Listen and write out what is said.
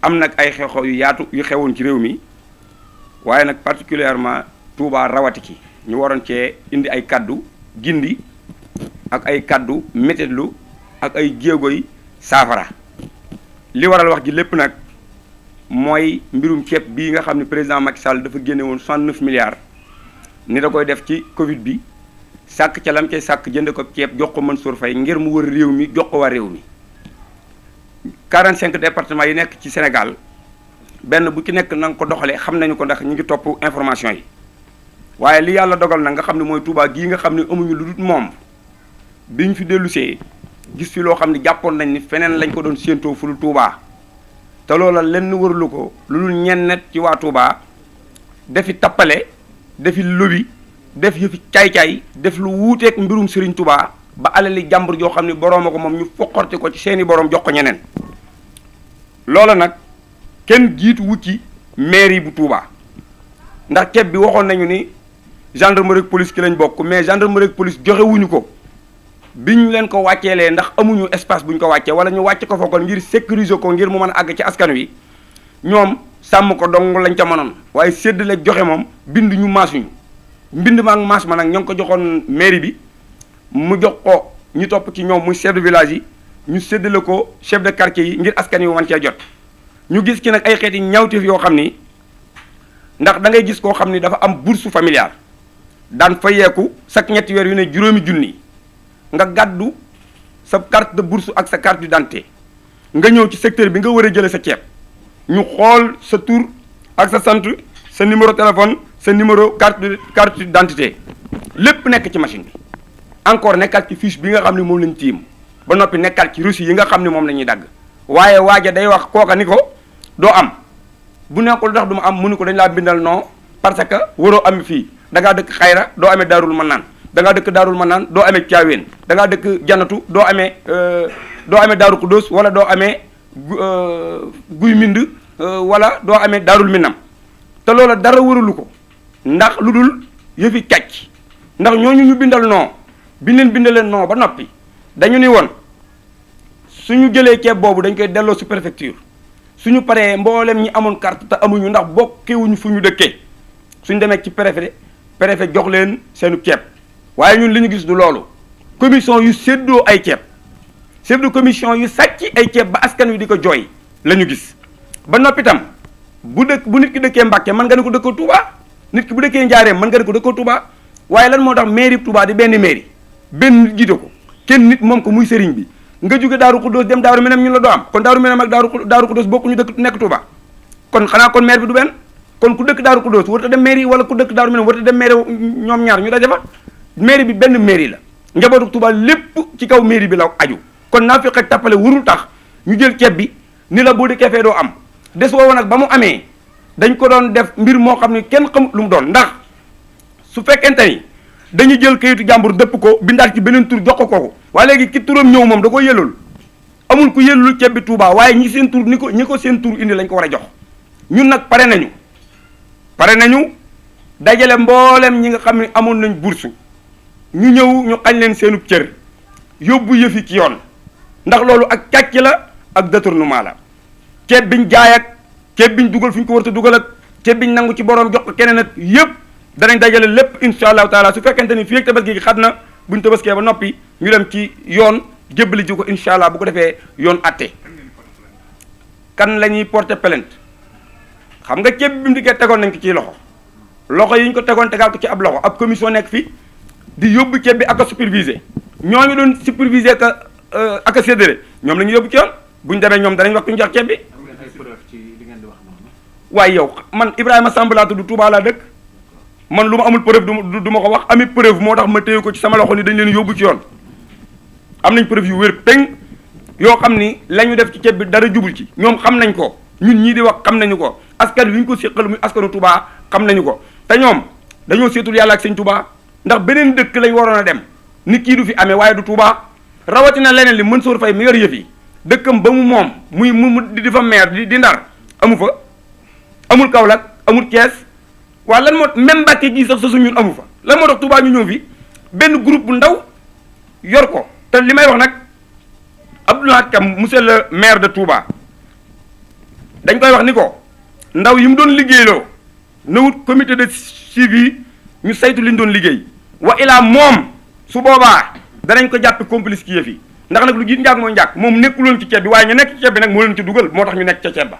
am nag ay xew-xew yu yaatu yu xewoon ci réew mi waaye nag particulièrement Touba rawati ki ñu waroon cee indi ay kàddu gindi ak ay kàddu métitlu ak ay jéego yi saafara li waral wax ji lépp nag mooy mbirum ceeb bii nga xam ne président Macky Sall dafa génne woon 69 milliards ni da koy def ci Covid bi sàkk ca lam cay sàkk jënd ko ceeb jox ko Mansour Faye ngir mu wër réew mi jox ko waa réew mi. 45 départements yi nekk ci Sénégal benn bu ci nekk nanga ko doxalee xam nañu ko ndax ñu ngi topp information yi waaye li yàlla dogal na nga xam ne mooy Touba gii nga xam ne amuñu lu dul moom biñ fi dellusee gis fi loo xam ne jàppoon nañ ni feneen lañ ko doon séentoo ful Touba te loola lenn warulu ko lu dul ñennet ci waa Touba defi tappale defi lobi def yëfi caay-caay def lu wuuteek mbirum Serigne Touba ba alali jàmbur joo xam ne boroom a ko moom ñu foqorti ko ci seeni borom jox ko ñeneen loola nag kenn jiitu wut ci mairie bu Touba ndax ceeb bi waxoon nañu ni gendarmerie ak police ki lañ bokk mais gendarmerie ak police joxewuñu ko bi ñu leen ko wàcceelee ndax amuñu espace bu ñu ko wàccee wala ñu wàcc ko foogoon ngir sécuriser ko ngir mu mën a àgg ci askan wi ñoom sàmm ko dong lañ ca mënoon. waaye séddale joxe moom bind ñu maasuñu mbind ma ak maas ma nag ñoo ngi ko joxoon mairie bi mu jox ko ñu topp ci ñoom muy chef village yi. ñu séddale ko chef de quartier yi ngir askan yu wan cee jot ñu gis ci nag ay xeeti ñaawteef yoo xam ni ndax da ngay gis koo xam ni dafa am bourse familiale daan yeeku sa ñetti weer yu ne juróomi junni nga gàddu sa carte de bourse ak sa carte d'identité nga ñëw ci secteur bi nga war a jëlee sa ceeb ñu xool sa tour ak sa sant sa numéro téléphone sa numéro carte carte d'identité lépp nekk ci machine bi encore nekkaat ci fiche bi nga xam ne moom lañ tiim ba noppi nekkaat ci russi yi nga xam ne moom la ñuy dagg waaye waaja day wax kooka ni ko doo am bu nekkul tax du ma am mu ni ko dañ laa bindal non parce que waroo am fii dangaa ngaa dëkk xayra doo amee daarul ma naan dëkk daarul ma doo amee caaween da ngaa dëkk janatu doo amee euh, doo amee daaru kudóos wala doo amee euh, guy mind euh, wala doo amee daarul minam te loola dara waralu ko ndax lu dul yëfi càcc ndax ñooñu ñu bindal non bi leen bindaleen non ba noppi dañu ni woon su ñu jëlee ceeb boobu dañ koy delloo si préfecture suñu paree mbooleem ñi amoon carte te amuñu ndax bokkewuñu fu ñu dëkkee suñu demee ci préfet préfet jox leen seenu ceeb waaye ñun li ñu gis du loolu commission yu seddoo ay ceeb chef de commission yu sàcc ay ceeb ba askan wi di ko jooy la ñu gis ba noppi tam bu dëkk bu nit ki dëkkee Mbàkke mën nga ne ko dëkkoo Touba nit ki bu dëkkee njaaree mën nga ne ko dëkkoo Touba waaye lan moo tax mairie Touba di benn mairie benn nit kenn nit moom ko muy sëriñ bi nga jóge daaru xuddoos dem daaru menam ñu la doo am kon daaru menam ak daaru daaru xuddoos bokkuñu dëkk nekk Touba kon xanaa kon maire bi du benn kon ku dëkk daaru xuddoos warta dem mairie wala ku dëkk daaru menam warta dem maire ñoom ñaar ñu daje fa mairie bi benn mairie la njabootu Touba lépp ci kaw mairie bi la aju kon naa fekk ak tappale wurul tax ñu jël ceeb bi ni la boo dëkkee fee doo am des woowu nag ba mu amee dañ ko doon def mbir moo xam ne kenn xamut lu mu doon ndax su fekkente ni dañu jël kayitu jàmbur dëpp ko bindaat ci beneen tur jox ko ko waaye léegi ki turam ñëw moom da ko yëlul amul ku yëlul ceeb bi tuubaa waaye ñi seen tur ni ko ñi ko seen tur indi lañ ko war a jox ñun nag pare nañu pare nañu dajale mboolem ñi nga xam ne amoon nañ bursu ñu ñëw ñu xañ leen seenub cër yóbbu yëfi ci yoon ndax loolu ak càcc la ak détournement la ceeb biñ jaay ak ceeb biñ dugal fi ñu ko war a dugal ak ceeb biñ nangu ci borom jox ko keneen danañ dajale lépp incha allahu taala su fekkente ni fii ak tabaski gi xat na buñ tabaskee ba noppi ñu dem ci yoon jébbali ji ko incha allah bu ko defee yoon atte kan la ñuy porter xam nga ceeb bi mu dikkee tegoon nañ ko ci loxo loxo yi ñu ko tegoon tegaat ko ci ab loxo ab commission nekk fii di yóbbu ceeb bi ak a superviser ñooñu doon superviser ak a euh, ak a séddale ñoom la ñu yóbbu ci yoon buñ demee ñoom danañ wax ku ñu jox ceeb bi. waaye yow man Ibrahima Samb laa tudd Touba laa dëkk. man lu ma amul preuve du du ma ko wax ami preuve moo tax ma téye ko ci sama loxo ni dañ leen yóbbu ci yoon am nañ preuve yu wér péng yoo xam ni la def ci ceeb bi dara jubul ci ñoom xam nañ ko ñun ñii di wax xam nañu ko askan wi ñu ko séqal muy askanu tubaa xam nañu ko te ñoom dañoo seetul yàlla ak sëñ tubaa ndax beneen dëkk lañ waroon a dem nit kii du fi amee waaye du tubaa rawatina leneen li Mansour Faye mi yor yëf yi dëkkam ba mu moom muy mu di fa maire di ndar amu fa amul Kaolack amul Kees waaw lan moo même Mbàkke gii sax sa suñu amu fa lan moo tax Touba ñu ñëw fi benn groupe bu ndaw yor ko te li may wax nag Abdou Lahad Ka monsieur le maire de Touba dañ koy wax ni ko ndaw yi mu doon liggéeyloo na wut comité de suivi ñu saytu li ñu doon liggéey wa ilaa moom su boobaa danañ ko jàppe complice ki yëf yi ndax nag lu jiit njaag mooy njaag moom nekkuloon ci ceeb bi waaye ñu nekk ci ceeb bi nag moo leen ci dugal moo tax ñu nekk ca ceeb ba